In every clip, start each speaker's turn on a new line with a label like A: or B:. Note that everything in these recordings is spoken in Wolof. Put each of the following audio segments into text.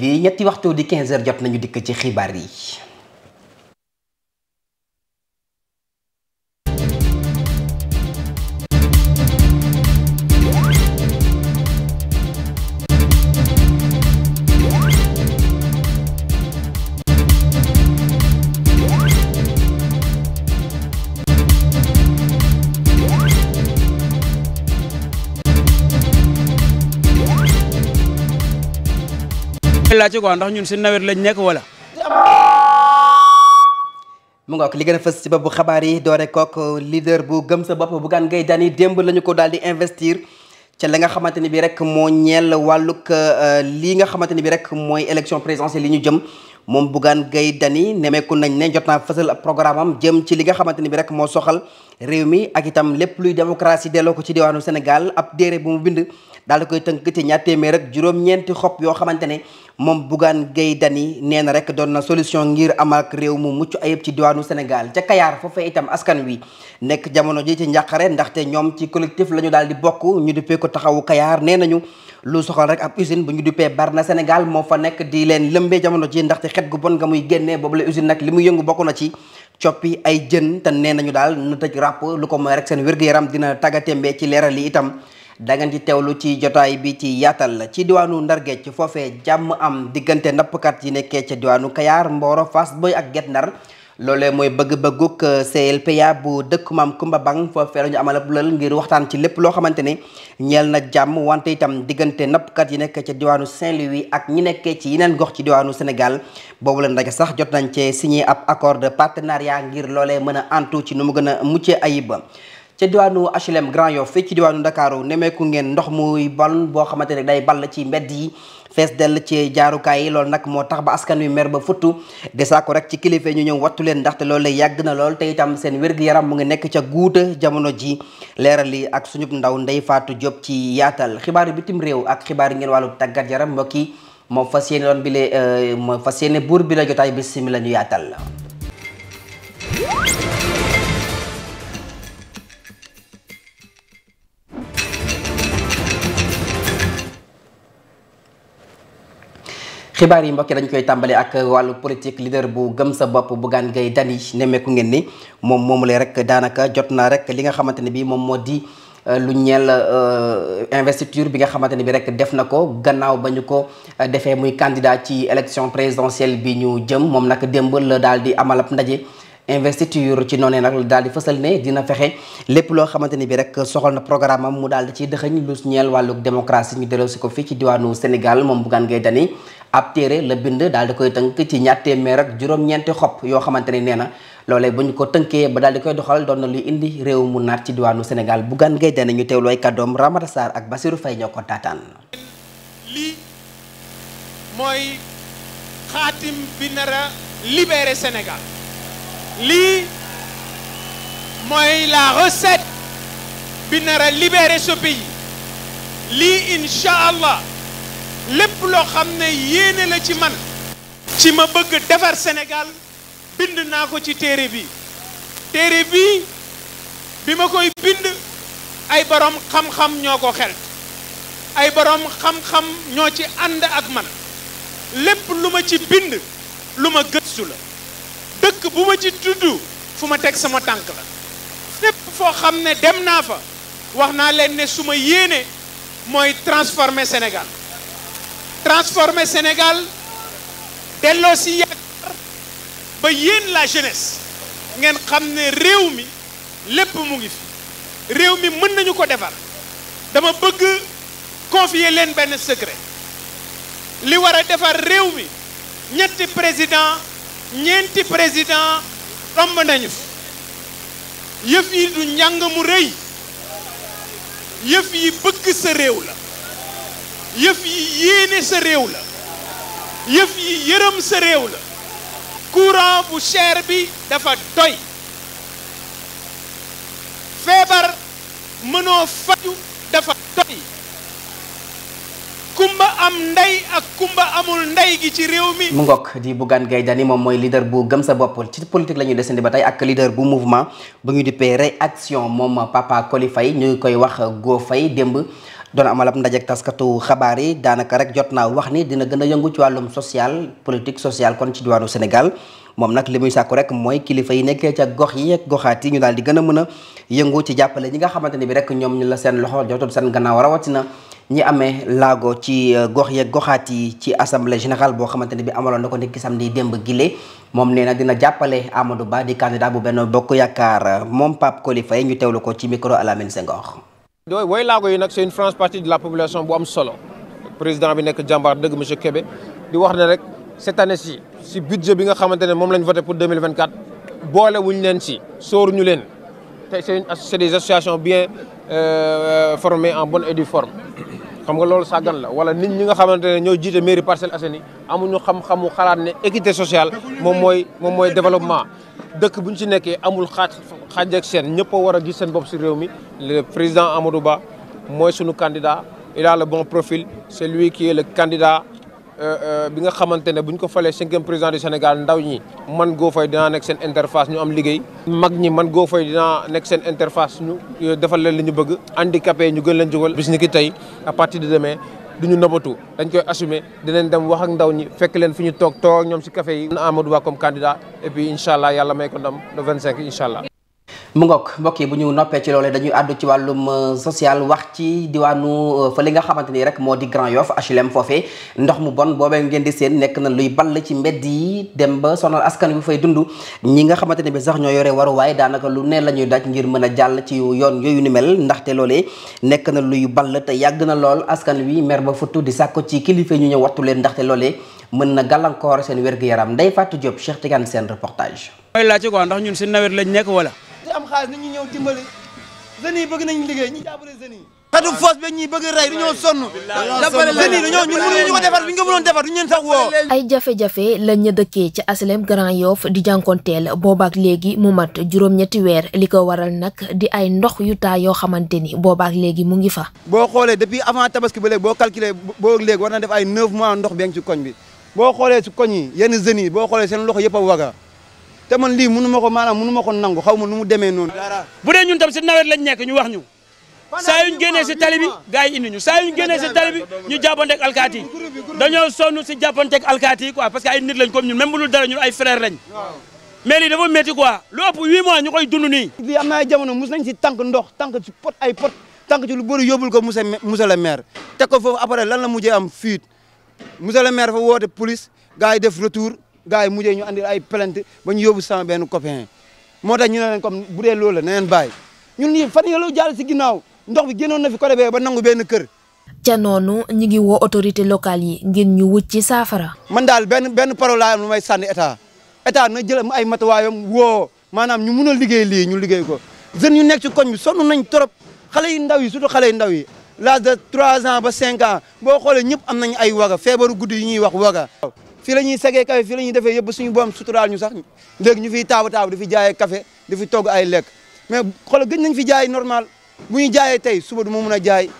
A: lii ñetti waxtu di 15 heures jot nañu dikk ci xibaar yi.
B: laajte quoi ndax ñun si nawet lañ nekk wala.
A: mu ngook li gën a fës ci boppu xabaar yi doore kook leader bu gëm sa bopp Bougane Gueye Dany démb la ñu ko daal di investir ca la nga xamante ni bi rek moo ñeel wàllug euh, lii nga xamante ni bi rek mooy élection présidentielle li ñu jëm moom Bougane Gueye dani nemeeku nañ ne jot naa fësal programme am jëm ci li nga xamante ni bi rek moo soxal réew mi ak itam lépp luy démocratie delloo ko ci diwaanu Sénégal ab déere bu mu bind daal di koy tënk ci ñaar téeméer ak juróom-ñeenti xob yoo xamante ne moom Bougane Gueye Dany nee na rek doon na solution ngir amal ak réew mu mucc ayib ci diwaanu Sénégal ca Kayaar foofee itam askan wi nekk jamono ji ci njàqare ndaxte ñoom ci collectif la ñu daal di bokk ñu duppee ko taxawu Kayaar nee ñu lu soxal rek ab usine bu ñu duppee Barna Sénégal moo fa nekk leen lëmbee jamono ji ndaxte xet gu nga muy génnee boobu la nag li muy yëngu bokk na ci coppi ay jën te nee nañu daal nu tëj ràpp lu ko mooy rek seen wér-gu-yaram dina mbee ci leeral yi itam da ngeen ci teewlu ci jotaay bi ci yaatal la ci diwaanu ndargeec foofee jàmm am diggante nappkat yi nekkee ca diwaanu Kayaar Mboro Fass Boy ak Guet Ndar loolee mooy bëgg-bëgguk euh, CLPA bu dëkk Maam Kumba Bang foofee la ñu amal ab ngir waxtaan ci lépp loo xamante ni ñeel na jàmm wante itam diggante nappkat yi nekk ca diwaanu Saint-Louis ak ñi nekkee ci yeneen gox ci diwaanu senegal boobu la ndaje sax jot nañ cee signé ab accord de partenariat ngir loolee mën a antu ci nu mu gën a muccee ayib ca diwaanu HLM Grand Yoff fii ci diwaanu Ndakaaru nemeeku ngeen ndox muy bal boo xamante ne day ball ci mbedd yi fees dell ci jaarukaay yi loolu nag moo tax ba askan wi mer ba futtu de saako rek ci kilifa ñu ñëw wattu leen ndaxte loolu lay yàgg na lool te itam seen wér yaram mu ngi nekk ca guuta jamono ji leeral yi ak suñub ndaw ndey faatu Diop ci yaatal xibaaru bitim réew ak xibaar yi ngeen wàllu tàggat yaram mbokk yi moom fas yéene loon bi le euh, moom fas yéene buur bi la jotaay bi simi la ñu yaatal xibaar yi mbokk dañu koy tàmbali ak wàllu politique leader bu gëm sa bopp bu Bougane Gueye Dany nemmeeku ngeen ni moom moomu la rek daanaka jot naa rek li nga xamante ne bii moom moo di euh, lu ñeel euh, investiture bi nga xamante ne bi rek def na ko gannaaw ba ñu ko euh, defee muy candidat ci élection présidentielle bi ñu jëm moom nag démb la daal di amal ab ndaje. investiture ci noonee nag daal di fësal ne dina fexe lépp loo xamante ni bi rek soxal na programme am mu daal di ciy dëxëñ lu ñeel wàlluk démocratie ñu delloosi ko fii ci diwaanu Sénégal moom Bougane Gueye Dany ab téere la bind daal di koy tënk ci ñaar téeméer ak juróom-ñeenti xob yoo xamante ni nee na loolee bu ñu ko tënkee ba daal di koy doxal doon na luy indi réew mu naat ci diwaanu Sénégal Bougane gay Dany ñu teewlooy kàddoom Ramata Sarr ak Bassirou Faye ñoo ko taataan lii
C: mooy xaatim lii mooy la recette bi nar a libérer ce lii incha allah lépp loo xam ne yéene la ci man ci ma bëgg defar Sénégal bind naa ko ci téere bi téere bi bi ma koy bind ay borom xam-xam ñoo ko xel ay borom xam-xam ñoo ci ànd ak man lépp lu ma ci bind lu ma gëstu la dëkk bu ma ci tudd fu ma teg sama tànk la fépp foo xam ne dem naa fa wax naa leen ne su ma yéene mooy transformer Sénégal transformer Sénégal delloo si yaakaar ba yéen la jeunesse ngeen xam ne réew mi lépp mu ngi fi réew mi mën nañu ko defar dama bëgg confier leen benn secret li war a defar réew mi ñetti président ñeenti président romb nañu fi yëf yi du njàng mu rëy yëf yi bëgg sa réew la yëf yi yéene sa réew la yëf yi yërëm sa réew la courant bu cher bi dafa doy feebar mënoo faju dafa doy kumba am ndey ak kumba amul ndey gi ci
A: réew mi. mu ngook di Bougane Gueye Dany moom mooy leader bu gëm sa boppal ci politique la ñuy desandi ba tey ak leader bu mouvement bu ñu dippee action moom Papa Coly Faye ñu koy wax Go Faye démb. doon amal ab ndaje ak taskatu xabaar yi daanaka rek jot naa wax ni dina gën a yëngu ci wàllum social politique sociale kon ci diwaanu Sénégal. moom nag li muy sàkku rek mooy kilifa yi nekkee ca gox yi ak ñu daal di gën a mën a ci jàppale ñi nga xamante ni bi rek ñoom ñu la seen loxo jotul seen gannaaw rawatina ñi amee laago ci euh, gox yeeg goxaat yi ci assemblée générale boo xamante bi amaloon na ko nit ki samedi démb gile moom nee na dina jàppale Amadou Ba di candidat bu benn bokk yaakaar moom Pape Coly Faye ñu teewlu ko ci micro Alamine Senghor.
D: dooy wooy laago yi nag c'est une la population bu am cette année si si budget bi nga xamante ne moom lañ voté pour 2024 boole wuñ leen si sóoru ñu leen te c'est des associations bien euh, formées en bon et form forme xam nga loolu sàggan la wala nit ñi nga xamante ne ñoo jiite mairie parcelle Assainies amuñu xam-xamu xalaat ne équité sociale moom mooy moom mooy développement dëkk bu ñu ci nekkee amul xaaj xaaj ak seen ñëpp a war a gis seen bopp si réew mi le président Amadou Ba mooy sunu candidat il a bon profil c'est lui qui est le Euh, euh, bi nga xamante ne bu ñu ko falee cinquième président du Sénégal ndaw ñi man goo fay dinaa nekk seen interface ñu am liggéey mag ñi man goo fay dinaa nekk seen interface ñu euh, defal leen li ñu bëgg handicapé ñu gën leen jógal bis ni ki tey à partir de demain du ñu nobatu dañ koy assumer dinañ dem wax ak ndaw ñi fekk leen fi ñu toog toog ñoom si kafe yi Amadou Ba comme candidat et puis incha allah yàlla may ko ndam le 25
A: incha allah mu ngoog mbokk yi bu ñu noppee ci loolee dañuy àddu ci wàllum euh, social wax ci diwaanu euh, fa li nga xamante ni rek moo di Grand Yoff HLM foofee ndox mu bon boobee ngeen di seen nekk na luy ball ci mbedd yi dem ba sonal askan wi fay dund ñi nga xamante ne bi sax ñoo yore waruwaay daanaka lu ne la ñuy ngir mën a jàll ci yoon yooyu ni mel ndaxte loolee nekk na luy ball te yàgg na lool askan wi mer ba futtu di sàkk ci kilifa ñu ñëw wattu leen ndaxte loolee mën na gàllankoor seen wér yaram Ndeye Fatou Diop Cheikh Tidiane seen reportage
B: mooy laajte quoi ndax ñun si nawet lañ am xaalis nañu ñëw dimbali jeunes yi bëgg nañu liggéey ñi jàppale ñuy bëgg rey dañoo sonn dafa jeunes yi bi ñu ko mënoon defar leen
A: sax woo ay jafe-jafe la ñu dëkkee ci aslem Grand Yoff di jànkoonteel boobaak léegi mu mat
E: juróom-ñetti weer li ko waral nag di ay ndox yu taa yoo xamante ni boobaak léegi mu ngi fa
B: boo xoolee depuis avant tabaski ba léegi boo calculé boo léegi war na def ay 9 mois ndox bi ngi ci koñ bi boo xoolee si koñ yi yenn jeunes yi boo xoolee seen loxo yëpp a waga te man lii mënu ma ko maanaam mënu ma ko nangu xaw ma nu mu demee noonu
F: bu dee ñun tam si nawet lañ nekk ñu wax ñu saa yuñ génnee si tali bi gars yi indi ñu saa yuñ génnee si tali bi ñu jàppanteeg alkaati dañoo sonn si jàppanteeg alkaati yi parce que ay nit lañ comme ñun même bu dara ñun ay frère lañ mais lii dafa métti quoi
B: lu ëpp huit mois ñu koy dund nii lii am na ay jamono mus nañ si tànk ndox tànk si pot ay pot tànk ci lu bëri yóbbul ko monsieur monsieur le maire teg ko foofu la mujjee am fuite monsieur le maire fa woote police def retour gars yi mujjee ñu andi ay plainte ba ñu yóbbu sama benn copain moo tax ñu ne leen bu dee loolu la na ngeen bàyyi
A: ñun ñii fan yële jàll si ginnaaw ndox
B: bi génnoon na fi côté bee
A: ba nangu benn kër. ca noonu ñu ngi woo autorité locale yi ngir ñu wut ci saafara.
B: man daal benn benn parole laa may sànni état état na jël ay matuwaayam woo maanaam ñu mun a ñu liggéey ko jeunes yu nekk ci koñ bi sonn nañ trop xale yu ndaw yi surtout xale yu ndaw yi l'âge de 3 ans ba 5 ans boo xoolee ñëpp am nañ ay waga feebaru guddi yi ñuy wax waga. fii la ñuy segee café fii la ñuy defee yëpp suñu boom suturaal ñu sax léegi ñu fiy taabu taabu di fi jaayee café di fi togg ay lekk mais xool gëj nañ fi jaay normal bu ñu jaayee tey suba du ma mën a jaay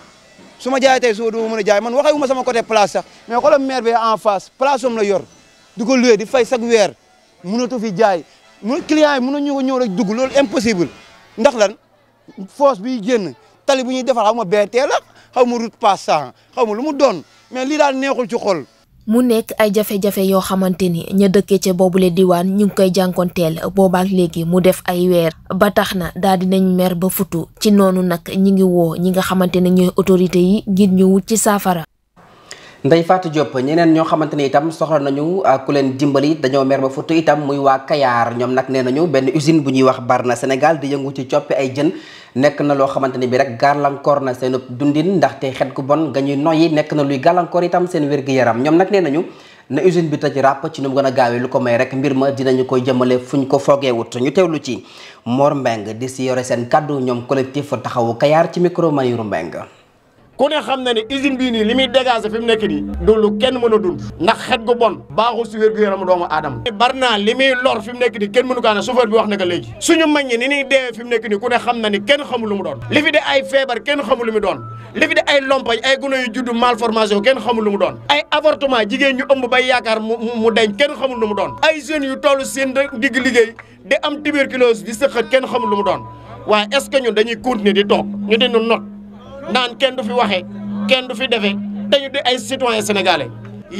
B: su ma jaayee tey suba du ma a jaay man waxewu ma sama côté place sax mais xoolal maire bi en face place am la yor di ko loué di fay chaque weer mënatu fi jaay mu client yi mënuñu ko ñëw rek dugg loolu impossible ndax lan force bi génn tali bu ñuy defar xaw ma BRT la xaw ma route passant xaw ma lu mu doon mais lii daal neexul ci xol
G: mu nekk ay
A: jafe-jafe yoo xamante ni ña dëkkee boobu boobule diwaan ñu ngi koy jànkonteel boobaak léegi mu def ay weer ba tax na daal dinañ mer ba futu ci noonu nag ñi ngi woo ñi nga xamante ne ñuy
E: autorité yi ngir ñu wut ci saafara
A: Ndeye fàtte Diop ñeneen ñoo xamante ni itam soxla nañu ah, ku leen dimbali dañoo mer ba futu itam muy waa Kayaar ñoom nag nee nañu benn usine bu ñuy wax Barna Sénégal di yëngu ci coppi ay jën nekk na loo xamante ni bi rek gàllankoor na seen dundin ndaxte xet gu bon ga ñuy noyyi nekk na luy gàllankoor itam seen wér-gu-yaram ñoom nag nee nañu na usine bi tëj ràpp ci nu mu gën a gaawee lu ko may rek mbir ma dinañu koy jëmale ñu ko foogeewut ñu lu ci moor Mbeng di si yore seen kàddu ñoom collectif taxawu Kayaar ci micro Maniru Mbeng
F: ku ne xam na ne usine bii nii li muy dégager fi mu nekk nii loolu kenn mën a dund ndax xet gu bon baaxul si wér gu yaramu doomu aadama bari naa li muy lor fi mu nekk nii kenn mënu kaa ne chauffeur bi wax na ko léegi suñu mag ñi ni ñuy deewee fi mu nekk nii ne xam na ni kenn xamul lu mu doon li fi de ay feebar kenn xamul lu mu doon li fi de ay lompañ ay gune yu juddu malformation kenn xamul lu mu doon ay avortement jigéen ñu ëmb bay yaakaar mu mu deñ kenn xamul lu mu doon ay jeunes yu toll seen liggéey di am tuberculose di sëqat kenn xamul lu mu doon waaye est-ce que ñun dañuy continuer di toog ñu naan kenn du fi waxee kenn du fi defee te ñu di ay citoyen sénégalais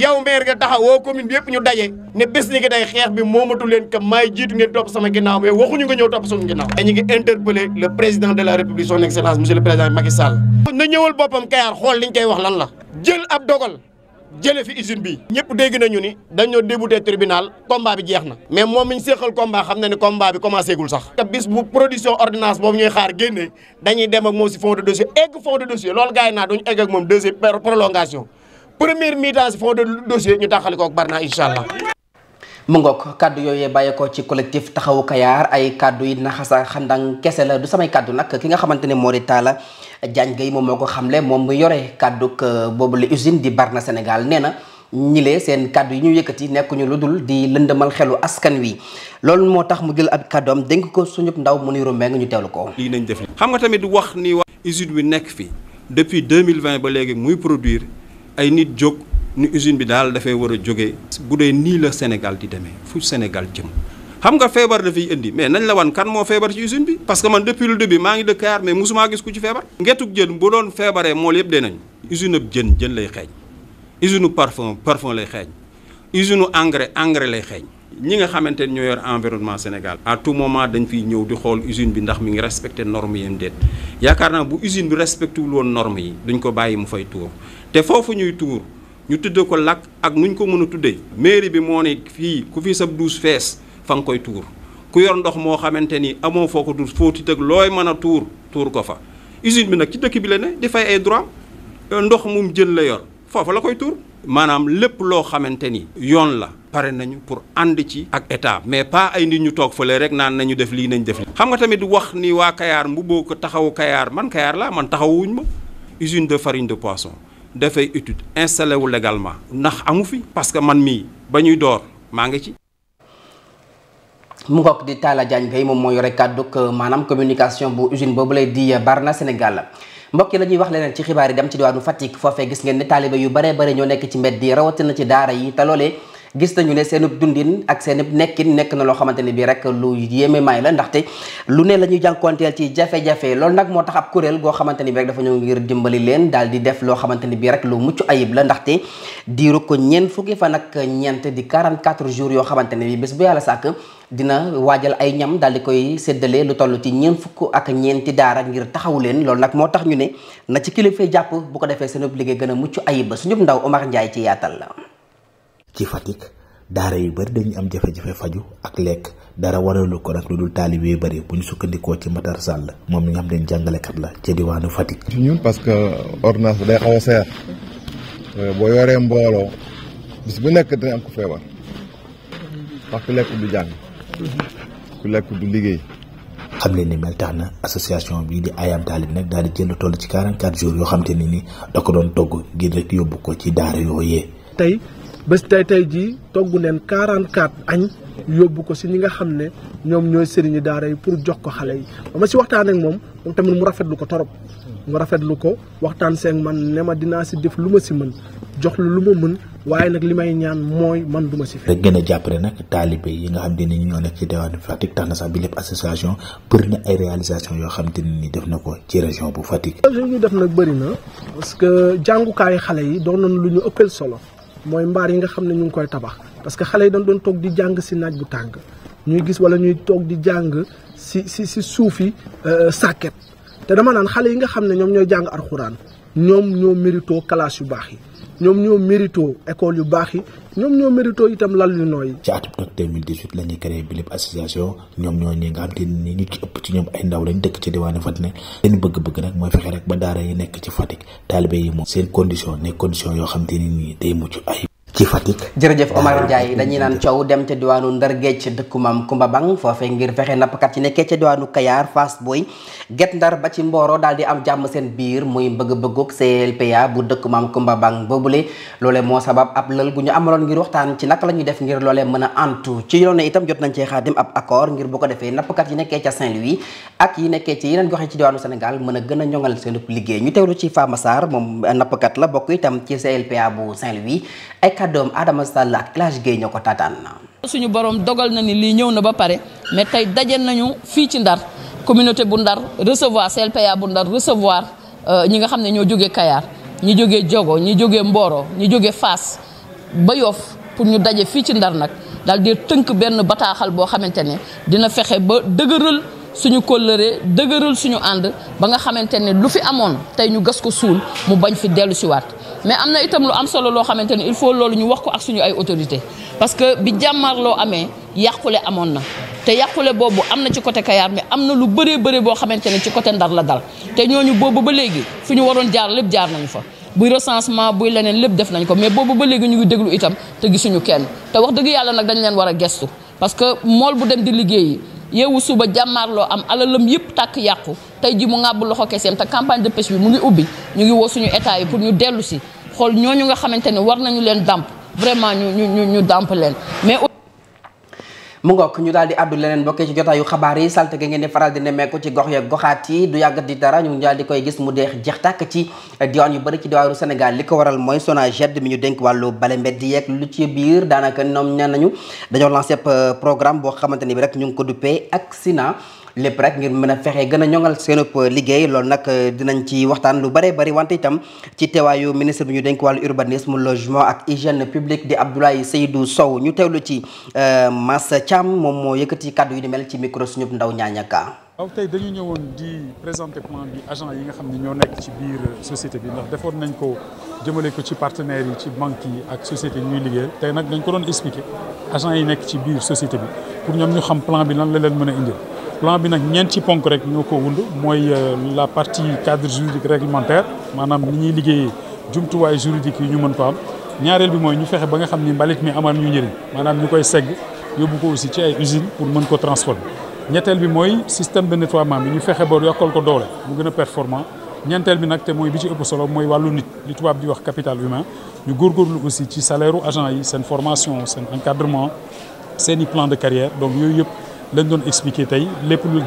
F: yow maire nga taxawoo commune bi yëpp ñu daje ne bés ni ki day xeex bi moomatu leen que may jiitu ngeen topp sama ginnaaw mais waxuñu nga ñëw topp suñu ginnaaw. ñu ngi interpellé le président de la république son excellence monsieur le président Macky Sall. na ñëwal boppam Kayar xool liñ koy wax lan la. jël ab dogal. jële fi usine bi ñëpp dégg nañu ni dañoo débouté tribunal combat bi jeex na mais moom mi ñu séqal combat xam na ne combat bi commencé gul sax te bis bu production ordonnance boobu ñuy xaar génne dañuy dem ak moom si fond de dossier egg fond de dossier loolu gars yi naa duñu egg ak moom deuxième prolongation première mi si fond de dossier ñu taxali ko ak Barna incha allah
A: mu ngoog kàddu yooyee bàyyeekoo ci collectif taxawu Kayaar ay kàddu yi naxasa xandang kese la du kàddu nag ki nga xamante ne moo di Talla Diagne Gueye moom moo ko xamle moom mu yore kàdduk euh, boobu la usine di Barna Sénégal nee na ñilee seen kàddu yi ñu yëkkati nekkuñu lu dul di lëndëmal xelu askan wi loolu moo tax mu jël ab kàddoom dénk ko suñu ndaw mu niru meng ñu teewlu ko.
H: lii nañ def xam nga tamit wax ni wax usine bi nekk fii depuis deux mille 2020 ba léegi muy produire ay nit jóg ni usine bi daal dafay war a jógee. bu dee nii la Sénégal di demee fu Sénégal jëm. xam nga feebar dafay indi mais nañ la wan kan moo feebar ci usine bi parce que man depuis le début maa ngi dëkk Kayar mais mosumaa gis ku ci feebar ngetug jën bu doon feebaree mool yëpp dee nañ usine ab jën jën lay xeeñ usine parfum parfum lay xeeñ usine engrais engrais lay xeeñ ñi nga xamante ne ñoo yor environnement Sénégal à tout moment dañ fiy ñëw di xool usine bi ndax mi ngi respecté normes yi déet yaakaar naa bu usine bi respecté wul woon normes yi duñ ko bàyyi mu fay te foofu ñuy tuur ñu tuddee ko lakk ak nuñ ko mën a tuddee mairie bi moo ne fii ku fi sab douche fees fa nga koy tuur ku yor ndox moo xamante ni amoo foo ko du fóoti tëg looy mën a tuur tuur ko fa usine bi nag ci dëkk bi la ne di ay droit euh, ndox mu jël la yor foofu la koy tuur maanaam lépp loo xamante ni yoon la pare nañu pour ànd ci ak état mais pas ay nit ñu toog fële rek naan nañu def lii nañ def lii xam nga tamit wax ni waa Kayaar mbubboo ko taxawu Kayaar man Kayaar laa man taxawuñ ma usine de farine de poisson dafay étude installé wu légalement ndax amu fi parce que man mii ba ñuy door maa
A: mu ngook di taala Diagne Gueye moom moo yore kàdduk maanaam communication bu usine boobu lay di Barna Sénégal mbokk yi la ñuy wax leneen ci xibaar yi dem ci diwaanu Fatick foofee gis ngeen ne taalibe yu bare bare ñoo nekk ci mbedd yi rawatina ci daara yi te gis nañu ne seenub dundin ak seenub nekkin nekk na loo xamante ne bii rek lu yéeme may la ndaxte lu ne la ñuy jànkuwanteel ci jafe-jafe loolu nag moo tax ab kuréel goo xamante ni bi dafa ñëw ngir dimbali leen daal di def loo xamante ni bii rek lu mucc ayib la ndaxte ko ñeent fukki fan ak ñeent di 44 jours yoo xamante ne bi bés bu yàlla sàkk dina waajal ay ñam daal di koy séddale lu toll ci ñeent fukk ak ñeenti daara ngir taxawu leen loolu nag moo tax ñu ne na ci kilifa jàpp bu ko defee seenub liggéey gën a mucc ayib ba ñëpp ndaw Omar Ndiaye ci yaatal la ci
I: Fatick daara yu bëri dañuy am jafe-jafe faju ak lekk dara waralu ko nag lu dul taalibe yu bëri bu ñu sukkandikoo ci Matar la moom mi nga xam ne jàngalekat la ci diwaanu Fatick. ci parce que ordonnance day xaw a
H: seer euh,
I: boo yoree mbooloo bis bu nekk dina am ku feebar wax ku lekk du jàng ku lekk du liggéey. xam ne ni mel tax na association bii di ayam taalib nag daal di jël lu toll ci 44 jours yoo xam ne ni da ko doon togg ngir rek yóbbu ko ci daara yooyee. tey bés tey tey jii togg neen 44 añ yóbbu ko si ñi nga xam ne ñoom ñooy sëriñu daara yi pour jox ko xale yi ba ma si waxtaan ak moom moom tamit mu rafet lu ko torop mu rafetlu ko waxtaan seeg man ne ma dinaa si def lu ma si mën jox lu ma mën waaye nag li may ñaan mooy man du ma si fi rek gën a jàppale nag taalibe yi nga xam te ñoo nekk ci diwaanu Fatick tax na bi association bëri na ay yoo xam te ni def na ko ci région bu Fatick. ñu def nag bëri na parce que jàngukaayu xale yi doon nañ lu ñu ëppal solo. mooy mbaar yi nga xam ne ñu ngi koy tabax parce que xale yi dañ doon toog di jàng si naaj bu tàng ñuy gis wala ñuy toog di jàng si si si suuf yi euh, sàkket te dama naan xale yi nga xam ne ñoom ñooy jàng alxuraan ñoom ñoo méritoo classe yu baax yi ñoom ñoo mérito école yu baax yi ñoom ñoo mérito itam lal yu nooy ci atum nag 2018 la ñuy créé bilib association ñoom ñoo ñi nga xam te ni ñu ci ëpp ci ñoom ay ndaw lañ dëkk ci diwaanu Fatick seen bëgg-bëgg nag mooy fexe rek ba daara yi nekk ci Fatick taalibe yi moom seen condition ne condition yoo xam te ni nii day mucc ay ci Fatick.
A: jërëjëf Omar Ndiaye dañuy naan coow dem ca diwaanu Ndar Géej dëkku maam Kumba Bang foofee ngir fexe nappkat yi nekkee ca diwaanu Kayaar Fass Boy get Ndar ba ci Mboro daal di am jàmm seen biir muy bëgg-bëggug CLPA bu dëkku maam Kumba boobu boobule loole moo sabab ab lël gu ñu amaloon ngir waxtaan ci naka la ñuy def ngir loolee mën a antu ci yoon itam jot nañ cee xaatim ab accord ngir bu ko defee nappkat yi nekkee ca Saint-Louis ak yi nekkee ci yeneen goxe ci diwaanu Sénégal mën a gën a ñoŋal seen liggéey ñu teewlu ci Fama Sarr moom nappkat la bokk itam ci CLPA bu Saint-Louis kàddoom Adama Sall ak El Hadj Guèye ñoo ko taataan na
G: suñu borom dogal na ni lii ñëw na ba pare mais tey daje nañu fii ci ndar communauté bu ndar recevoir CLPA bu ndar recevoir euh, ñi nga xam ne ñoo jógee kayaar ñi jógee Jogo ñi jógee Mboro ñi jógee Fass ba Yoff pour ñu daje fii ci ndar nag daal tënk benn bataaxal boo xamante ne dina fexe ba dëgëral suñu kóllëre dëgërël suñu ànd ba nga xamante ne lu fi amoon tey ñu gas ko suul mu bañ fi dellu siwaat mais am na itam lu am solo loo xamante ni il faut loolu ñu wax ko ak suñu ay autorité parce que bi jàmmaarloo amee yàqule amoon na te yàqule boobu am na ci côté Kayar mais am na lu bëree bëri boo xamante ne ci côté Ndar la dal te ñooñu boobu ba léegi fi ñu waroon jaar lépp jaar nañu fa buy recensement buy leneen lépp def nañ ko mais boobu ba léegi ñu ngi déglu itam te gisuñu kenn te wax dëgg yàlla nag dañ leen war a gestu parce que mool bu dem di liggéeyi yeewu suba jàmmaarloo am alalam yëpp tàkk yàqu tey ji mu ngàbb loxo keseem te campagne de pêche bi mu ngi ubbi état yi pour ñu dellu si xool ñoo ñu nga xamante ne war nañu leen dàmp vraiment ñu ñu ñu ñu dàmp leen mais.
A: mu ngook ñu daal di àddu leneen bokkee ci jotaayu xabaar yi salte gi ngeen di faral di nemmeeku ci gox yeeg goxaat yi du yàggat di dara ñu daal di koy gis mu deex jeex tàkk ci diwaan yu bëri ci diwaanu Sénégal li ko waral mooy SONAGED mi ñu dénk wàllu bale mbedd yeeg lu ci biir daanaka ñoom ñaan nañu dañoo lancé programme boo xamante ni bi rek ñu ngi ko duppee ak Sina lépp rek ngir mën a fexe gën a ñoŋal seen liggéey lool nag euh, dinañ ci waxtaan lu bare bari wante itam ci teewaayu ministre bi ñu dénk wàllu urbanisme logement ak hygiène publique di Abdoulaye Seydou Sow ñu teewlu ci euh, Massa Thiam moom moo yëkkati kàddu yi di mel ci micro suñu ndaw ñaañaka
J: waaw tey dañu ñëwoon di présenter plan bi agent yi nga xam ne ñoo nekk ci biir société bi ndax defoon nañ ko jëmale ko ci partenaires yi ci banque yi ak société yi ñuy liggéeyal tey nag dañ ko doon expliquer agent yi nekk ci biir société bi pour ñoom ñu xam plan bi lan la leen mën a plan bi nag ci ponk rek ñoo ko wund mooy euh, la partie cadre juridique réglementaire maanaam ni ñuy liggéeyee jumtuwaay juridique yi ñu mën ko am ñaareel bi mooy ñu fexe ba nga xam ni mbalit mi amal ñu njëriñ maanaam ñu koy segg yóbbu ko aussi ci ay usines pour mën ko transformer ñetteel bi mooy système de nettoiement bi ñu fexe ba yokkal ko doole mu gën a performant ñeenteel bi nag te mooy bi ci ëpp solo mooy wàllu nit li tubaab di wax capital humain ñu góorgóorlu aussi ci salaire agent yi seen formation seen encadrement seen i plan de carrière donc yooyu yëpp lañ doon expliqué tey lépp lu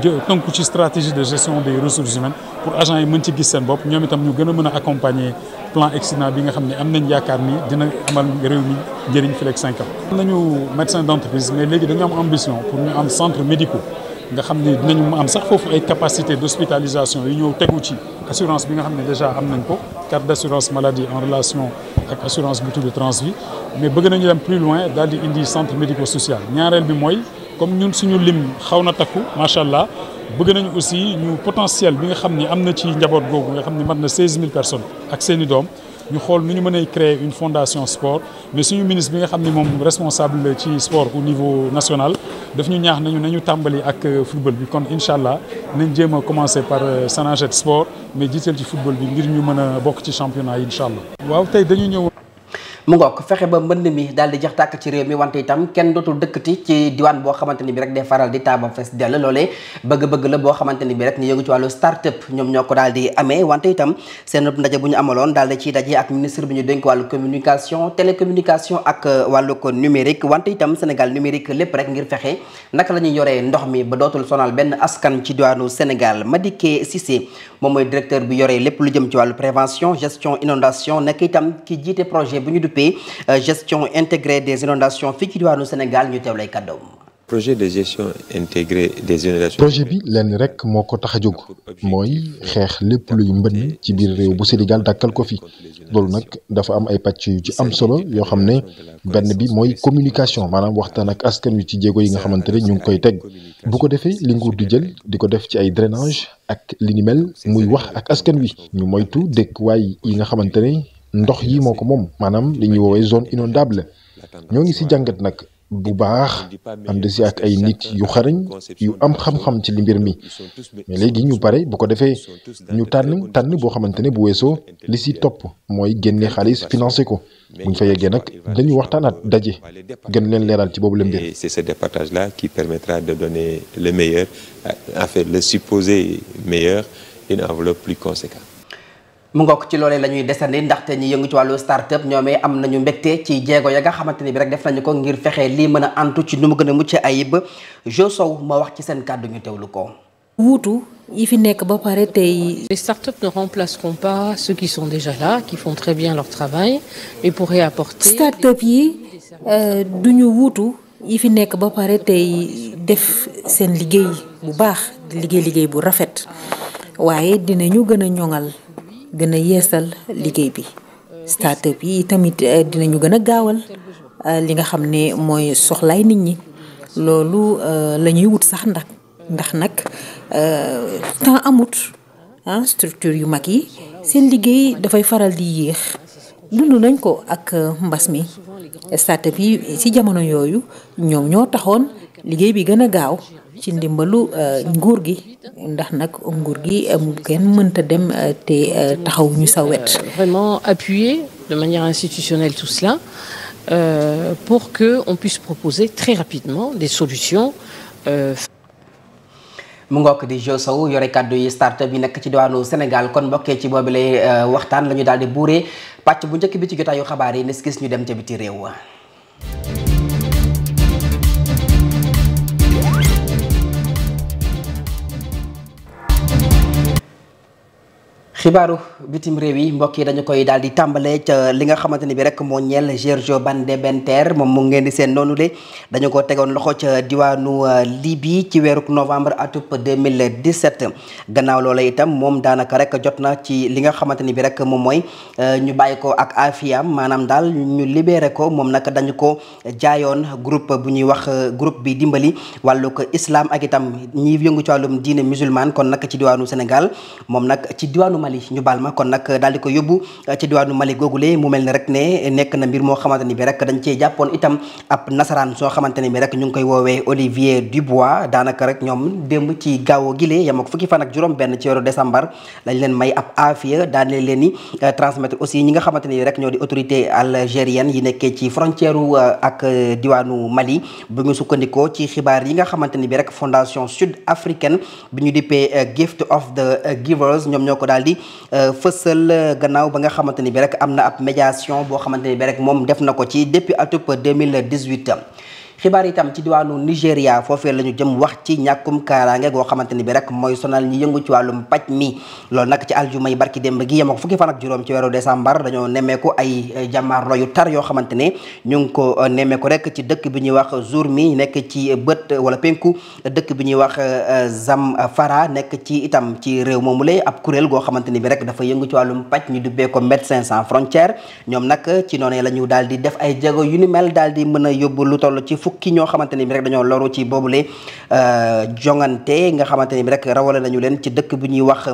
J: ci stratégie de gestion des ressources humaines pour agents yi mën ci gis seen bopp ñoom itam ñu gën a mën a accompagner plan Exina bi nga xam ne am nañ yaakaar ni dina amal réew mi njëriñ fileeg cinq ans. am nañu médecin d' entreprise mais léegi dañu am ambition pour ñu am centre médicaux nga xam ne dinañu am sax foofu ay capacité d' hospitalisation yu ñëw tegu ci assurance bi nga xam ne déjà am nañ ko carte d' assurance en relation ak assurance bu mais bëgg nañu dem plus daal di indi centre médico social ñaareel bi mooy. comme ñun suñu lim xaw na takku macha allah bëgg nañu aussi ñu potentiel bi nga xam ni am na ci njaboot googu nga xam ni mat na 16000 personnes ak seen i doom ñu xool nu ñu mën a créer une fondation sport mais suñu ministre bi nga xam ni moom responsable ci sport au niveau national daf ñu ñaax nañu nañu tàmbali ak euh, football bi kon incha allah nañ jéem a commencer par euh, Sonaged sport mais jiital ci football bi ngir ñu mën a bokk ci championnat yi incha allah.
A: mu ngoog fexe ba mbënd mi daal di jeex tàkk ci réew mi wante itam kenn dootul dëkkati ci diwaan boo xamante ni bi rek day faral di taaba fees dell loolee bëgg-bëgg la boo xamante ni bi rek ñu yëngu ci wàllu startup ñoom ñoo ko daal di amee wante itam seen ndaje bu lépp rek ngir fexe naka la ñuy yoree ndox mi ba dootul sonal benn askan ci diwaanu Sénégal Madické Cissé moom mooy directeur bi yoree lépp lu jëm ci wàllu prévention gestion inondation nekk GIP euh, gestion intégrée des inondations fii ci diwaanu Sénégal ñu teew lay kàddoom projet de gestion intégrée des
H: projet bi
I: lenn rek moo ko tax a jóg mooy xeex lépp luy mbënn ci biir réew bu Sénégal dàkkal ko fi loolu nag dafa am ay pàcc yu ci am solo yoo xam ne benn bi mooy communication maanaam waxtaan ak askan wi ci jéego yi nga xamante ne ñu ngi koy teg bu ko defee li nguur di jël di ko def ci ay drainage ak li ni mel muy wax ak askan wi ñu moytu dëkk waay yi nga xamante ne. ndox yi moo ko moom maanaam li ñuy woowee zone inondable ñoo ngi si jàngat nag bu baax ànd si ak ay nit yu xarañ yu am xam-xam ci li mbir mi mais léegi ñu bare bu ko defee ñu tànn tànn boo xamante ne bu weesoo li si topp mooy génne xaalis financé ko buñ fa yeggee nag dañu waxtaanaat daje gën leen leeral ci
H: boobu la mbir. c'est ce départage là qui permettra de donner le meilleur en le supposé meilleur une enveloppe plus conséquente.
A: mu ngook ci loolee la ñuy desandi ndaxte ni yëngu ci wàllu startup ñoomee am nañu mbégte ci jeego ya nga xamante ni bi rek def nañu ko ngir fexe li mën a antu ci nu mu gën a mucc ayib jo soow ma wax ci seen kàddu ñu teewlu ko.
E: wuutu yi fi nekk ba pare tey. les startups ne remplaceront pas ceux qui sont déjà là qui font très bien leur travail mais pourraient apporter. startup euh, ñu wuutu yi fi nekk ba pare tey def seen liggéey bu baax liggéey liggéey bu rafet waaye dinañu gën a ñoŋal. gën a yeesal liggéey bi start-up yi tamit eh, dinañu gën a gaawal eh, li nga xam ne mooy soxlaay nit ñi loolu eh, la ñuy wut sax ndax ndax nag temps amut ah structure yu mag yi seen liggéey dafay faral di yéex dund nañ ko ak euh, mbas mi start-up yi ci jamono yooyu ñoom ñoo taxoon liggéey bi gën a gaaw ci ndimbalu euh, nguur gi ndax nag nguur gi mu euh, kenn mënta dem te taxawuñu sa wet.
G: vraiment appuyer de manière institutionnelle tout cela pour que on puisse proposer très rapidement des solutions. mu
A: ngokk di Jo Sow yore kàddu yi start-up yi nekk ci diwaanu Sénégal kon mbokkee ci boobu lay euh, waxtaan la ñu daal di buuree pàcc bu njëkk bi ci jotaayu xabaar yi nes gis ñu dem ca biti réew xibaaru bitim réew yi mbokk yi dañu koy daal di tàmbalee ca li nga xamante ni bi rek moo ñeel Georges Bandebenter moom mu ngeen di seen noonu le dañu ko tegoon loxo ca diwaanu euh, Libye ci weeruk novembre atub 2017 gannaaw loola itam moom daanaka rek jot na ci li nga xamante ni bi rek moom mooy euh, ñu bàyyi ko ak afiam maanaam daal ñu libéré ko moom nag dañu ko jaayoon groupe bu ñuy wax euh, groupe bi dimbali wàllu ko islaam ak itam ñi yëngu ci wàllum diine musulman kon nag ci diwaanu Sénégal moom nag ci diwaanu Mali ñu baal ma kon nag euh, daal di ko yóbbu euh, ci diwaanu Mali googule mu mel ni rek ne euh, nekk na mbir moo xamante ni bi rek dañ cee jàppoon itam ab nasaraan soo xamante ni bi rek ñu ngi koy woowee Olivier Dubois daanaka rek ñoom démb ci gaawo gile yam fukki fan ak juróom benn ci weeru décembre lañ leen may ab aafiya daan leen leen ni transmettre aussi ñi nga xamante ni rek ñoo di autorité algérienne yi nekkee ci frontière ak diwaanu Mali bu ñu sukkandikoo ci xibaar yi nga xamante ni bi rek fondation sud africaine bi ñu dippee gift of the givers ñoom ñoo ko daal Euh, fësal euh, gannaaw ba nga xamante ni bi rek am na ab médiation boo xamante ni bi rek moom def na ko ci depuis atub 2018 xibaar itam ci diwaanu Nigéria foofee la jëm wax ci ñàkkum kaaraange goo xamante ni bi rek mooy sonal ñi yëngu ci wàllum paj mi loolu nag ci aljuma yi barki démb gi yemoo ko fukki fan ak juróom ci weeru décembre dañoo nemmeeku ay eh, jàmmaarlo yu tar yoo xamante ne ñu ngi ko eh, nemmeeku rek ci dëkk bi ñuy wax mi nekk ci bët wala penku dëkk bi ñuy wax eh, Zamfara nekk ci itam ci réew moomu lay ab kuréel goo xamante ni bi rek dafa yëngu ci wàllum paj ñu dubbee ko médecins sans frontières ñoom nag ci noonu a yóbbu fukki ñoo xamante ni bi rek dañoo loru ci boobule euh, jongante nga xamante ni bi rek rawale nañu leen ci dëkk bu ñuy wax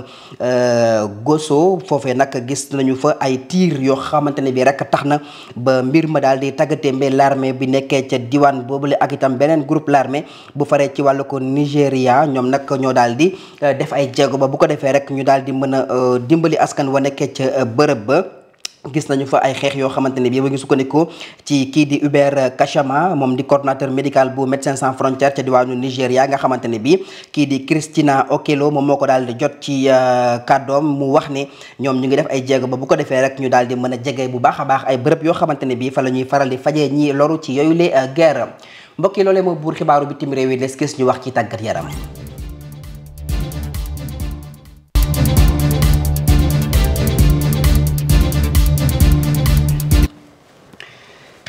A: euh, Goso foofee nag gis nañu fa ay tiir yoo xamante ne bi rek tax na ba mbir ma daal di tàggatémbe l'armée bi nekkee ca diwaan boobule ak itam beneen groupe l'armée bu faree ci wàll ko Nigéria ñoom nag ñoo daal di euh, def ay jéego ba bu ko defee rek ñu daal di mën a dimbali askan wa nekkee ca bërëb ba gis nañu fa ay xeex yoo xamante ne bii ba ngi sukkandiku ci kii di Hubert Kachama moom di coordonnateur médical bu Médecins sans frontières ca diwaanu Nigéria nga xamante ne bii kii di Christina Okelo moom moo ko daal di jot ci euh, kàddoom mu wax ni ñoom ñu ngi def ay jéego ba bu ko defee rek ñu daal di mën a jege bu baax a baax ay bërëb yoo xamante ne bii fa la ñuy faral di fajee ñi loru ci yooyu le euh, guerre mbokk yi loolee moo buur xibaaru bitim réew yi les gis ñu wax ci tàggat yaram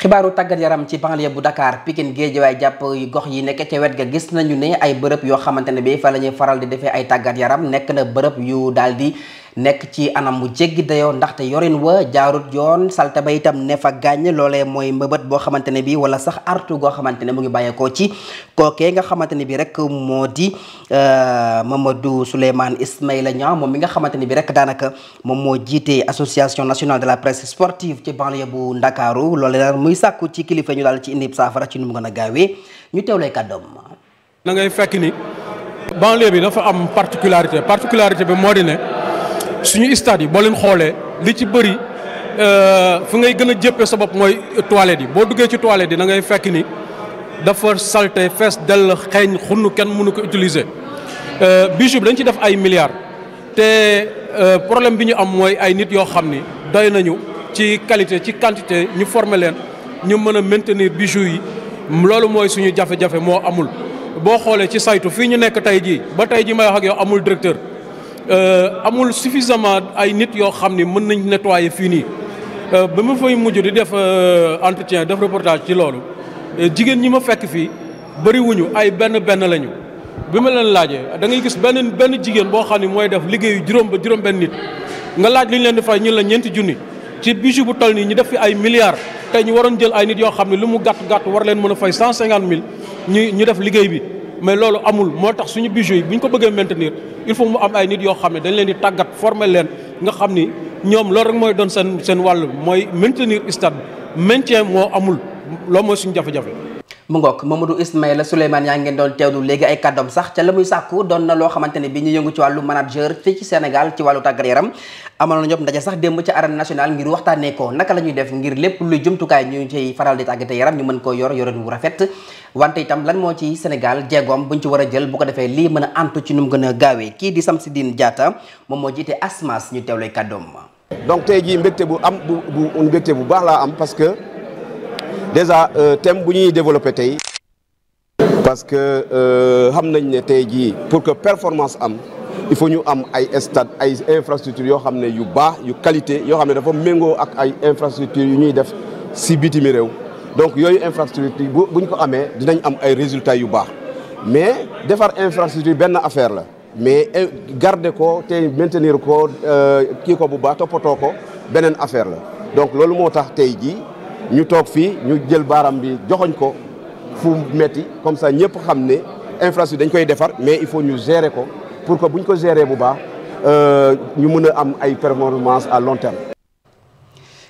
A: xibaaru tàggat yaram ci banlieue bu dakaar Dakar Pikine Guédiawaye jàpp gox yi nekk ca wet ga gis nañu ne ay bërëb yoo xamante ne bi fa la ñuy faral di defee ay tàggat yaram nekk na bërëb yu daal di nekk ci anam mu jéggi dayoo ndaxte yorin wa jaarut yoon salte ba itam ne fa gàññ loolee mooy mëbët boo xamante ne bi wala sax artu goo xamante ne mu ngi bàyyeekoo ci kookee nga xamante ne bi rek moo di euh, Mamadou Souleymane Ismaïla Niang moom mi nga xamante ne bi rek daanaka moom moo jiite association nationale de la presse sportive ci banlieue bu Ndakaaru loolee daal muy sàkku ci kilifa ñu daal ci indi saafara ci nu mu gën a gaawee ñu teewlay kàddoom
K: da ngay fekk ni banlieue suñu stade yi boo leen xoolee li ci bëri euh, fu ngay gën a jéppee sa bopp mooy toilette yi boo duggee ci toilette yi da ngay fekk ni dafa salte fees dell xeeñ xunn kenn mënu ko utiliser. Euh, bijou bi dañ ci def ay milliards te euh, problème bi ñu am mooy ay nit yoo xam ni doy nañu ci qualité ci quantité ñu former leen ñu mën a maintenir bijou yi loolu mooy suñu jafe-jafe moo amul. boo xoolee ci saytu fii ñu nekk tey jii ba tey jii may wax ak yow amul directeur. Euh, amul suffisamment ay nit yoo xam ni mën nañ nettoyer fii nii euh, ba ma fay mujj di def euh, entretien def reportage ci loolu jigéen ñi ma fekk fii bëriwuñu ay benn benn lañu. bi ma leen laajee da ngay gis benn benn jigéen boo xam ne mooy def liggéeyu juróom ba juróom-benn nit nga laaj li ñu leen di fay ñu la ñeenti junni ci budget bu toll nii ñu def fi ay milliards tey ñu waroon jël ay nit yoo xam ne lu mu gàtt gàtt war leen mën a fay cent cinquante mille ñu ñu def liggéey mais loolu amul moo tax suñu bisu yi bu ñu ko bëggee maintenir il faut mu am ay nit yoo xam ne dañ leen di tàggat former leen nga xam ni ñoom loolu rek mooy doon seen seen wàll mooy maintenir stade maintien moo amul loo mooy suñu jafe-jafe.
A: mu ngoog Mamadou Ismaïla Souleymane yaa ngeen doon teewlu léegi ay kàddoom sax ca la muy sàkku doon na loo xamante bi ñu yëngu ci wàllu manager ci Sénégal ci wàllu ko naka la ñuy def ngir lépp luy jumtukaay ñu ciy faral di tàggate yaram ñu mën koo ci war a jël bu ko defee lii mën a antu ci nu mu gën a gaawee kii di Samsidine Diatta moom moo jiite ASMAS ñu teewlay kàddoom donc tey jii mbégte bu am bu bu baax laa am parce déjà euh, thème bu ñuy
H: développé tey parce que euh, xam nañ ne tey jii pour que performance am il faut ñu am ay stade ay infrastructure yoo xam ne yu baax yu qualité yoo xam ne dafa méngoo ak ay infrastructure yu ñuy def si bitimi réew donc yooyu infrastructure bu buñ ko amee dinañ am ay résultats yu baax mais defar infrastructure benn affaire la mais eh, garde ko te maintenir ko euh, kii ko bu baax toppatoo ko beneen affaire la donc loolu moo tax tey jii ñu toog fii ñu jël baaram bi joxoñ ko fu metti comme ça ñëpp xam ne infrastructure dañ koy defar mais il faut ñu gérer ko
A: pour que bu ñu ko gérer bu baax euh, ñu mën a am ay performance à long terme.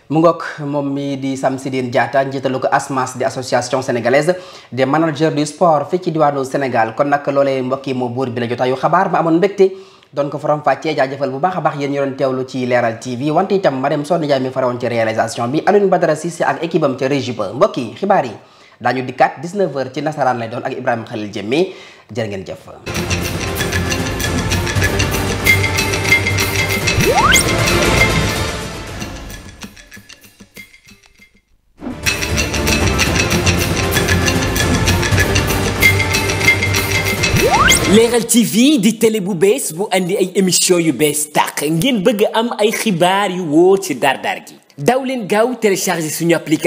A: mu ngook moom mi di Samsidine Diatta njiitalu ko ASMAS di association sénégalaise des managers du sport fii ci diwaanu Sénégal kon nag loolee mbokk yi moo buur bi la jotaayu xabaar ma amoon mbégte. doon ko faram fàccee jaajëfal bu baax baax yéen ñu doon teewlu ci leeral tv wante itam ma dem sonn Njaay mi farewoon ci réalisation bi Alioune Badara Cissé ak équipe am ca régie ba yi xibaar yi daañu dikkaat 19h ci nasaraan lay doon ak Ibrahima Khalil Jëmme jërë ngeen jëf
E: leeral tv di
A: télé bu bees bu andi ay émission yu bees tàq ngeen bëgg am ay xibaar yu wóor ci dardar gi daw leen gaaw télécharger suñu application